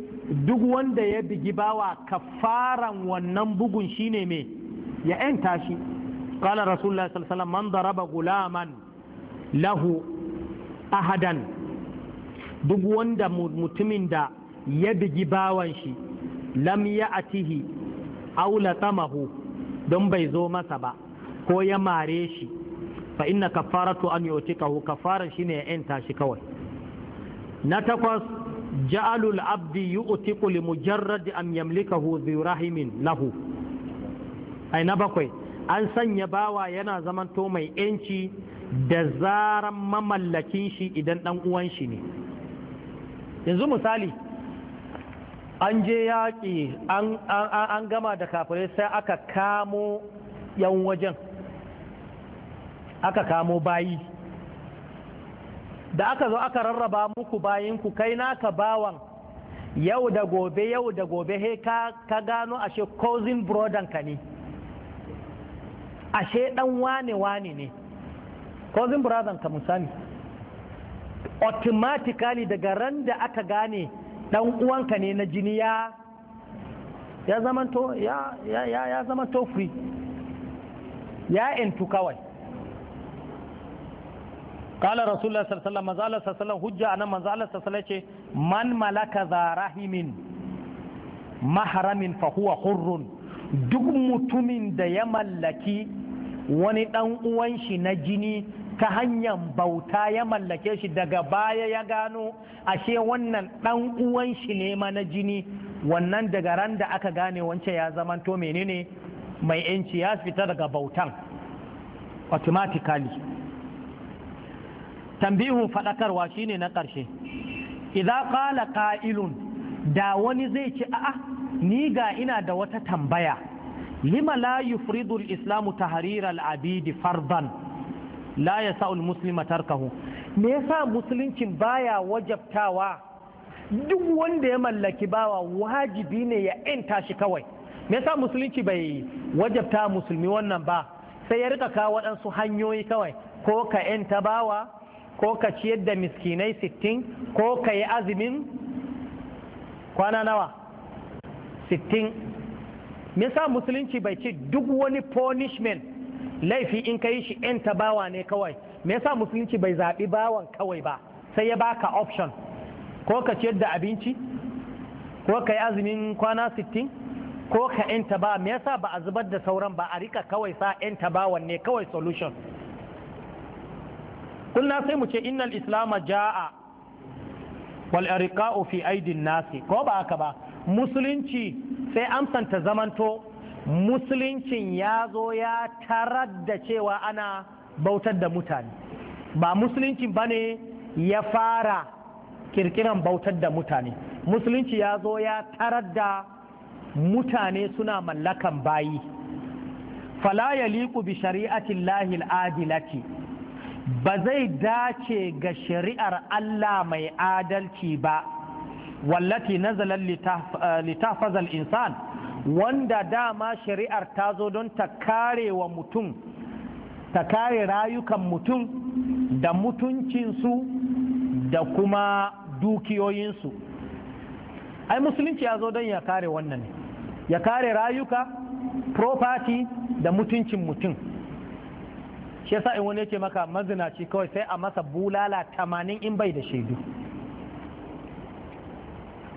duk wanda ya bigi bawa kafaran wannan bugun shine me ya yan tashi qala rasulullah sallallahu alaihi wasallam man daraba gulaman lahu ahadan duk wanda mutumin da ya bigi bawan shi lam ya'tihi aula mahu don bai zo masa ba ko ya mare shi fa inna kaffaratu an yutikahu shi shine ya yanta shi kawai na takwas ja'alul abdi yu'tiqu li mujarrad an yamlikahu dhi rahimin lahu ai na bakwai an sanya bawa yana zamanto mai yanci da zaran mamallakin shi idan dan uwan shi ne yanzu misali an je yaƙi an gama da kafirai sai aka kamo yan wajen aka kamo bayi da aka zo aka rarraba muku bayinku kai naka bawan yau da gobe yau da gobe he ka, gano ashe cousin brother ka ne ashe dan wane wane ne cousin brother ka musani automatically daga ran da aka gane dan uwanka ne na jini ya ya zamanto ya ya ya, ya zamanto free ya intu kawai kala rasulullah sallallahu alaihi wasallam manzala sallallahu hujja anan manzala sallallahu ce man malaka za rahimin maharamin fa huwa hurrun duk mutumin da ya mallaki wani dan uwan shi na jini ta hanyar bauta ya mallake shi daga baya ya gano ashe wannan ɗan uwan shi ne ma na jini wannan daga ran da aka gane wance ya zamanto menene mai yanci ya fita daga bautan automatically tambihun faɗakarwa shine na ƙarshe idan ƙala ƙa'ilun da wani zai ci a'a ni ga ina da wata tambaya lima la yufridul islamu tahriral abidi fardan la ya sa muslima tarkahu me yasa musuluncin baya wajabtawa duk wanda ya mallaki bawa wajibi ne ya ‘yanta shi kawai me yasa musulunci bai wajabta musulmi wannan ba sai ya rika kawo waɗansu hanyoyi kawai ko ka ‘yanta bawa ko ka ciyar da miskinai sittin ko ka yi azumin kwana nawa sittin me yasa musulunci bai ce duk wani punishment laifi in ka yi shi ‘yan ta bawa ne kawai me yasa musulunci bai zaɓi bawan kawai ba sai ya baka option ko ka ciyar da abinci ko ka yi azumin kwana sittin ko ka ‘yan ta ba me yasa ba a zubar da sauran ba a rika kawai sa ‘yan ta bawan ne kawai solution kunna sai mu ce innal Islam ja'a wal fi aidin nasi ko ba haka ba musulunci sai amsanta zamanto musuluncin ya zo ya tarar da cewa ana bautar da mutane ba musuluncin ba ne ya fara kirkiran bautar da mutane musulunci ya zo ya tarar da mutane suna mallakan bayi fala ya liku bi shari'atin lahil adilati ba zai dace ga shari'ar Allah mai adalci ba wallati nazalar eh, litafazal insan wanda dama shari'ar ta zo don ta kare wa mutum ta kare rayukan mutum da mutuncinsu da kuma dukiyoyinsu ai musulunci ya zo don ya kare wannan ya kare rayuka property da mutuncin mutum shi yasa in wani yake maka mazinaci kawai sai a masa bulala tamanin in bai da shaidu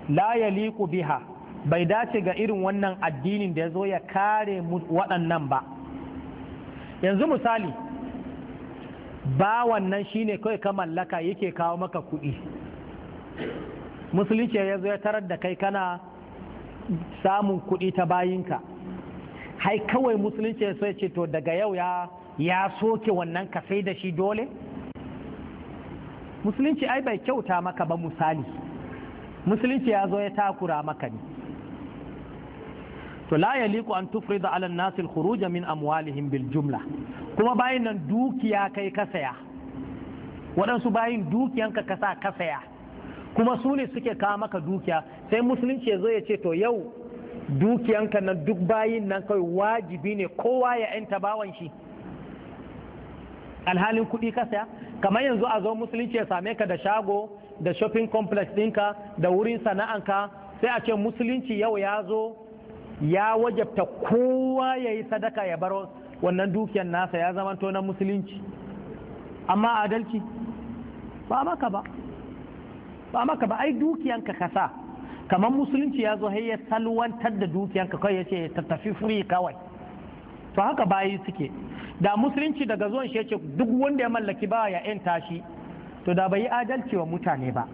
la yaliku biha bai dace ga irin wannan addinin da ya zo ya kare waɗannan ba yanzu misali ba wannan shine kawai ka mallaka yake kawo maka kuɗi musulunci ya zo ya tarar da kai kana samun kuɗi ta bayinka hai kawai musulunci ya so ya ce to daga yau ya ya soke wannan ka sai da shi dole musulunci ai bai kyauta maka ba misali musulunci ya zo ya takura maka ne to la yaliku an tufrida ala an nasil al a min amwalihim bil jumla kuma bayin nan dukiya kai ka saya waɗansu bayin dukiyanka ka sa ka saya kuma su ne suke kawo maka dukiya sai musulunci ya zo ya ce to yau dukiyanka nan duk bayin nan kai wajibi ne kowa ya yanta bawan shi alhalin kuɗi ka saya kamar yanzu a zo musulunci ya same ka da shago da shopping complex ɗinka da wurin sana'anka sai a ce musulunci yau ya zo ya wajabta kowa ya yi sadaka ya bar wannan dukiyar nasa ya zama na musulunci amma adalci ba maka ba ba maka ba ai dukiyanka ka sa kamar musulunci ya zo ya salwantar da dukiyanka kai ya ce tafi free kawai to haka bayi suke da musulunci daga zuwan shi yace duk wanda ya mallaki ba ya yan tashi to da bai adalci wa mutane ba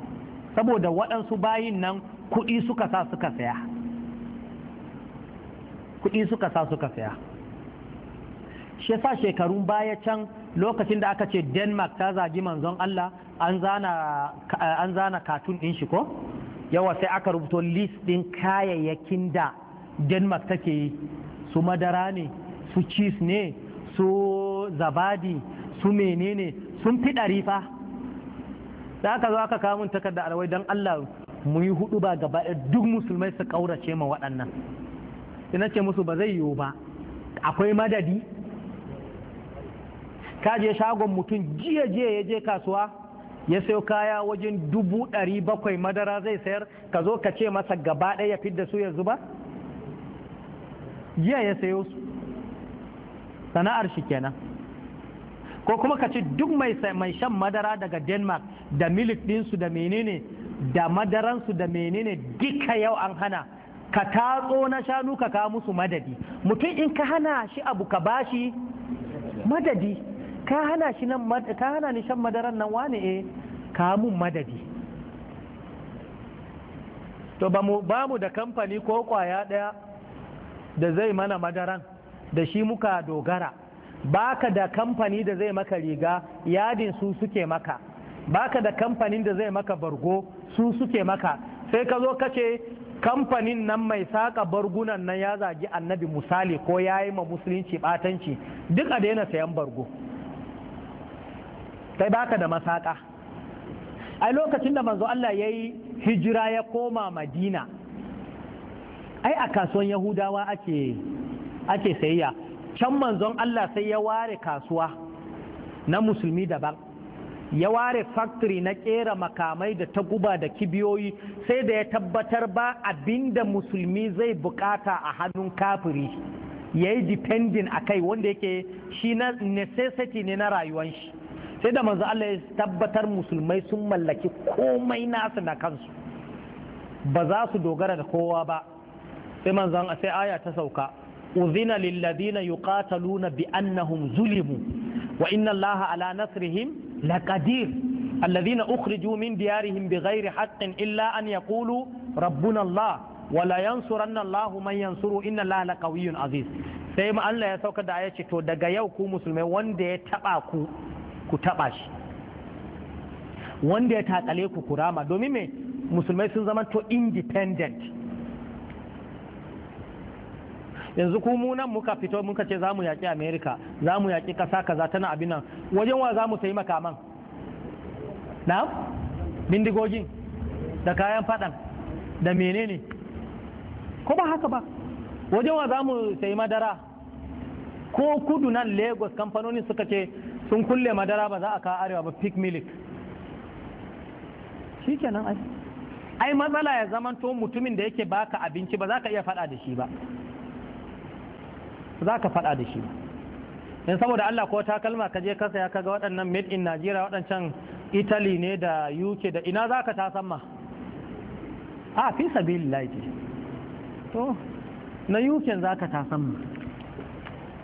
saboda waɗansu bayin nan kuɗi suka sa suka saya kuɗi suka sa suka saya shi sa shekarun baya can lokacin da aka ce denmark ta zagi manzon allah an zana katun ɗin shi ko yawa sai aka rubuto list ɗin kayayyakin da denmark take yi su madara ne su cheese ne su zabadi su menene sun fi ɗari fa da aka zo aka kamun takarda alwai don allah mu yi hudu ba gaba duk musulmai su ƙaurace ma waɗannan sai ce musu ba zai yiwu ba akwai madadi ka je shagon mutum jiya jiya ya je kasuwa ya sayo kaya wajen dubu ɗari bakwai madara zai sayar ka zo ka ce masa gaba ɗaya ya fidda su ya zuba. jiya ya sayo su sana'ar shi kenan ko kuma ka ce duk mai shan madara daga denmark da milik ɗinsu da menene da madaransu da menene duka yau an hana ka tatso na shanu ka kawo musu madadi mutum in ka hana shi abu ka bashi madadi ka hana shi nan ka hana ni shan madaran nan wane eh ka mun madadi to ba mu ba mu da kamfani ko kwaya daya da zai mana madaran da shi muka dogara baka da kamfani da zai maka riga yadin su suke maka baka da kamfanin da zai maka bargo su suke maka sai ka zo kace kamfanin nan mai saka bargunan nan ya zagi annabi misali ko ya yi ma musulunci batanci duk a daina sayan bargo kai baka da masaka a lokacin da manzo Allah ya yi hijira ya koma madina ai a kasuwan yahudawa ake ake sayayya can manzon Allah sai ya ware kasuwa na musulmi daban ya ware factory na kera makamai da ta guba da kibiyoyi sai da ya tabbatar ba abinda musulmi zai bukata a hannun kafiri ya yi dependin a kai wanda yake shi na necessity ne na rayuwan shi sai da manzo Allah ya tabbatar musulmai sun mallaki komai nasu na kansu ba za su dogara da kowa ba sai manzon sai aya ta sauka uzina lilladina yuqataluna bi annahum zulimu wa inna allaha ala nasrihim لقدير الذين أخرجوا من ديارهم بغير حق إلا أن يقولوا ربنا الله ولا ينصرن الله من ينصره إن الله لقوي عزيز sai ma Allah ya sauka da ya ce to daga yau ku musulmai wanda ya taba ku ku taba shi wanda ya takale ku kurama domin me musulmai sun zama to independent yanzu ku mu nan muka fito muka ce za mu yaƙi Amerika, za mu yaƙi ƙasa kaza tana abin nan wajen wa za mu sayi makaman na bindigogin da kayan faɗan da menene ko ba haka ba wajen wa za mu sayi madara ko kudu nan lagos kamfanoni suka ce sun kulle madara ba za a kawo arewa ba pig milk shi kenan ai ai matsala ya zamanto mutumin da yake baka abinci ba za ka iya faɗa da shi ba za ka faɗa da shi in saboda Allah ko takalma ka je kasa ya kaga waɗannan made in Najeriya waɗancan Italy ne da UK da ina za ka ta ma a fi sabili laifi to na UK za ka ta ma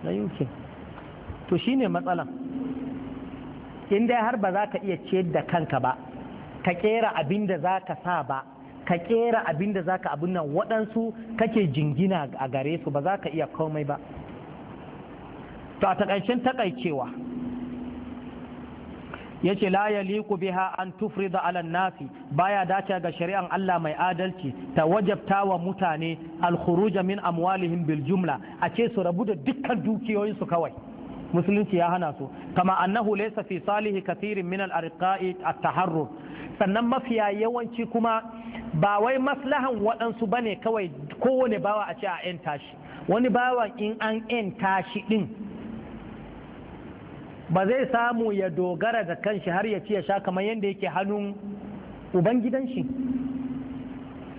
na UK to shi ne matsalan in dai har ba za ka iya ciyar da kanka ba ka kera abin da za ka sa ba ka kera abin da za ka abin nan waɗansu kake jingina a gare su ba za ka iya komai ba to a takaicin takaicewa ya ce la ya liku biha an tufri da alan nasi baya dace ga shari'an Allah mai adalci ta wajabta wa mutane alkhuruja min amwalihim bil jumla a ce su rabu da dukkan dukiyoyinsu kawai musulunci ya hana su kama annahu laysa fi salihi kathirin min al-arqa'i at-taharrur sannan mafiya yawanci kuma ba wai maslahan waɗansu bane kawai kowane bawa a ce a 'yan tashi wani bawa in an 'yan tashi din ba zai samu ya dogara da kanshi har ya ci ya sha kamar yadda yake hannun ubangidanshi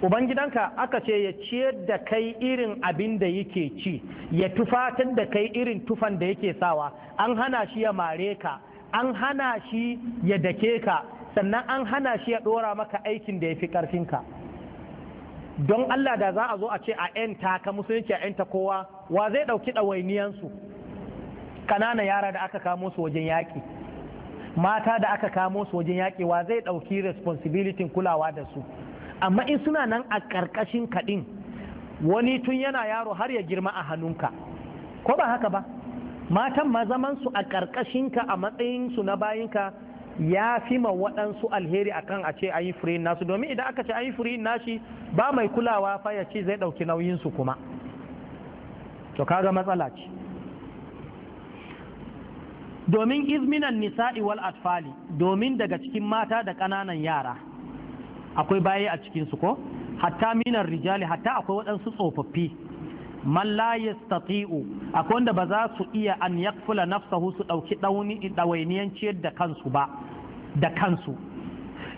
ubangidanka aka ce ya ciyar da kai irin abin da yake ci ya tufatar da kai irin tufan da yake sawa an hana shi ya mare ka an hana shi ya dake ka sannan an hana shi ya ɗora maka aikin da ya fi ƙarfinka don allah da za a zo a ce a 'yan ka musulunci a 'yanta kowa wa zai ɗauki ɗawainiyansu kanana yara da aka kamo su wajen yaƙi mata da aka kamo su wajen yaƙi wa zai ɗauki responsibility kulawa da su amma in suna nan a ƙarƙashin kaɗin wani tun yana yaro har ya girma a hannunka ko ba haka ba matan mazamansu zaman su a ƙarƙashinka a matsayin su na bayinka ya fi ma waɗansu alheri akan a ce yi free nasu domin idan aka ce yi free nashi ba mai kulawa fa ya ce zai ɗauki nauyin su kuma to kaga matsala ce domin izminan nisa'i wal atfali domin daga cikin mata da ƙananan yara akwai baye a cikinsu ko hatta minar rijali hatta akwai waɗansu tsofaffi man la yastati'u akwai wanda ba za su iya an yakfula nafsahu su ɗauki ɗawainiyan ciyar da kansu ba da kansu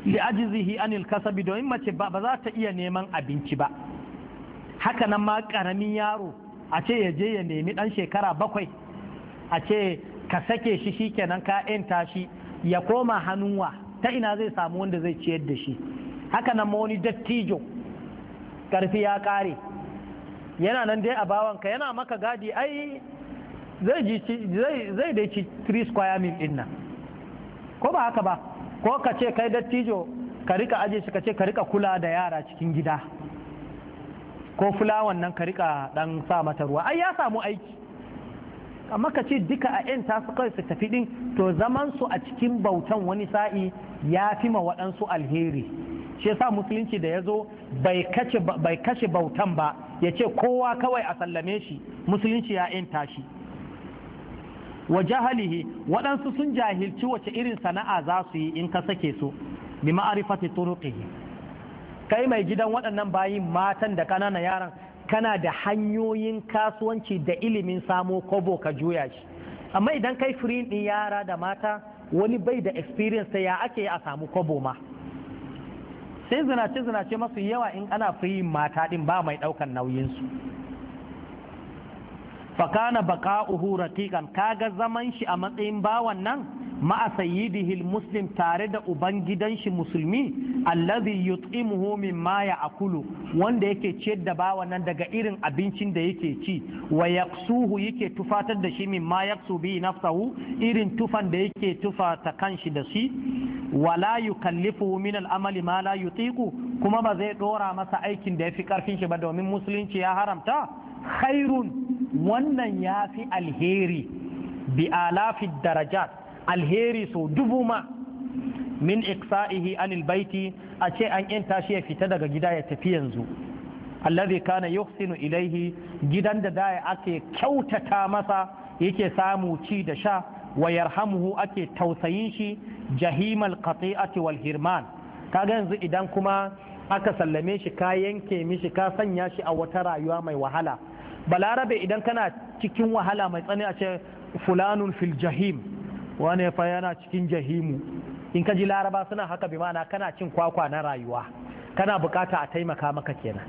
li ajizihi anil kasabi domin mace ba za ta iya neman abinci ba haka nan ma ƙaramin yaro a ce ya je ya nemi ɗan shekara bakwai a ce ka sake shi shikenan ka yanta tashi ya koma hannuwa ta ina zai samu wanda zai ciyar da shi haka nan ma wani dattijo karfi ya kare yana nan dai a bawanka yana maka gadi ai zai dai ci 3 square mil din nan ko ba haka ba ko ka ce kai dattijo ka rika aje shi ka ce ka rika kula da yara cikin gida ko fulawan nan ka rika dan sa mata ruwa ai ya samu aiki amma ka ce duka a yan tasu kawai su tafi din to zaman su a cikin bautan wani sa'i ya fi ma waɗansu alheri shi yasa musulunci da ya zo bai kashe bautan ba ya ce kowa kawai a sallame shi musulunci ya yan tashi wa jahalihi waɗansu sun jahilci wace irin sana'a za su yi in ka sake su bi ma'arifati turuqihi kai mai gidan waɗannan bayin matan da ƙananan yaran kana da hanyoyin kasuwanci da ilimin samo kobo ka juya shi amma idan kai free ɗin yara da mata wani bai da experience ya ake a samu kobo ma sai zinace zinace masu yawa in ana free mata ɗin ba mai ɗaukan nauyinsu fakana baka uhu ratikan kaga zaman shi a matsayin bawan nan ma'a sayyidihi muslim tare da ubangidan shi musulmi allazi yut'imuhu a ya'kulu wanda yake ciyar da bawa nan daga irin abincin da yake ci wa yake tufatar da shi mimma yaksu bi nafsahu irin tufan da yake tufata kanshi da shi wala yu min al'amali ma la yutiqu kuma ba zai dora masa aikin da yafi karfin shi ba domin musulunci ya haramta khairun wannan yafi alheri bi alafi darajat alheri so dubu ma min iksa'ihi anil baiti a ce an yanta shi ya fita daga gida ya tafi yanzu allazi kana yuhsinu ilaihi gidan da daya ake kyautata masa yake samu ci da sha wa yarhamuhu ake tausayin shi jahimal qati'ati wal hirman kaga yanzu idan kuma aka sallame shi ka yanke mishi ka sanya shi a wata rayuwa mai wahala balarabe idan kana cikin wahala mai tsani a ce fulanun fil jahim ya fa yana cikin jahimu in ka ji laraba suna haka bi mana kana cin kwakwa na rayuwa kana bukata a taimaka maka kenan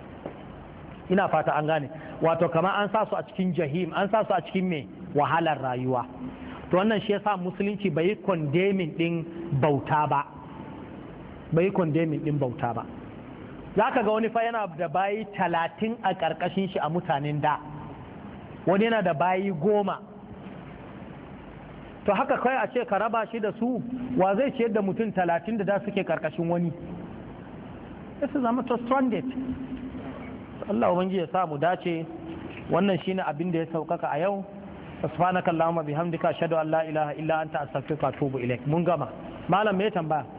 ina fata an gane wato kamar an sa su a cikin jahim an sa su a cikin mai wahalar rayuwa to wannan shi yasa musulunci bai yi kondemin din bauta ba bai yi kondemin din bauta ba za ka ga wani fa yana da bayi talatin a ƙarƙashin shi a mutanen da wani yana da bayi goma to haka kai a ce ka raba shi da su wa zai ciyar da mutum talatin da da suke karkashin wani su zama to stranded Allah ubangi ya sa mu dace wannan shine abin da ya saukaka a yau subhanakallahumma bihamdika ashhadu an la ilaha illa anta astaghfiruka wa atubu mun gama malam me tambaya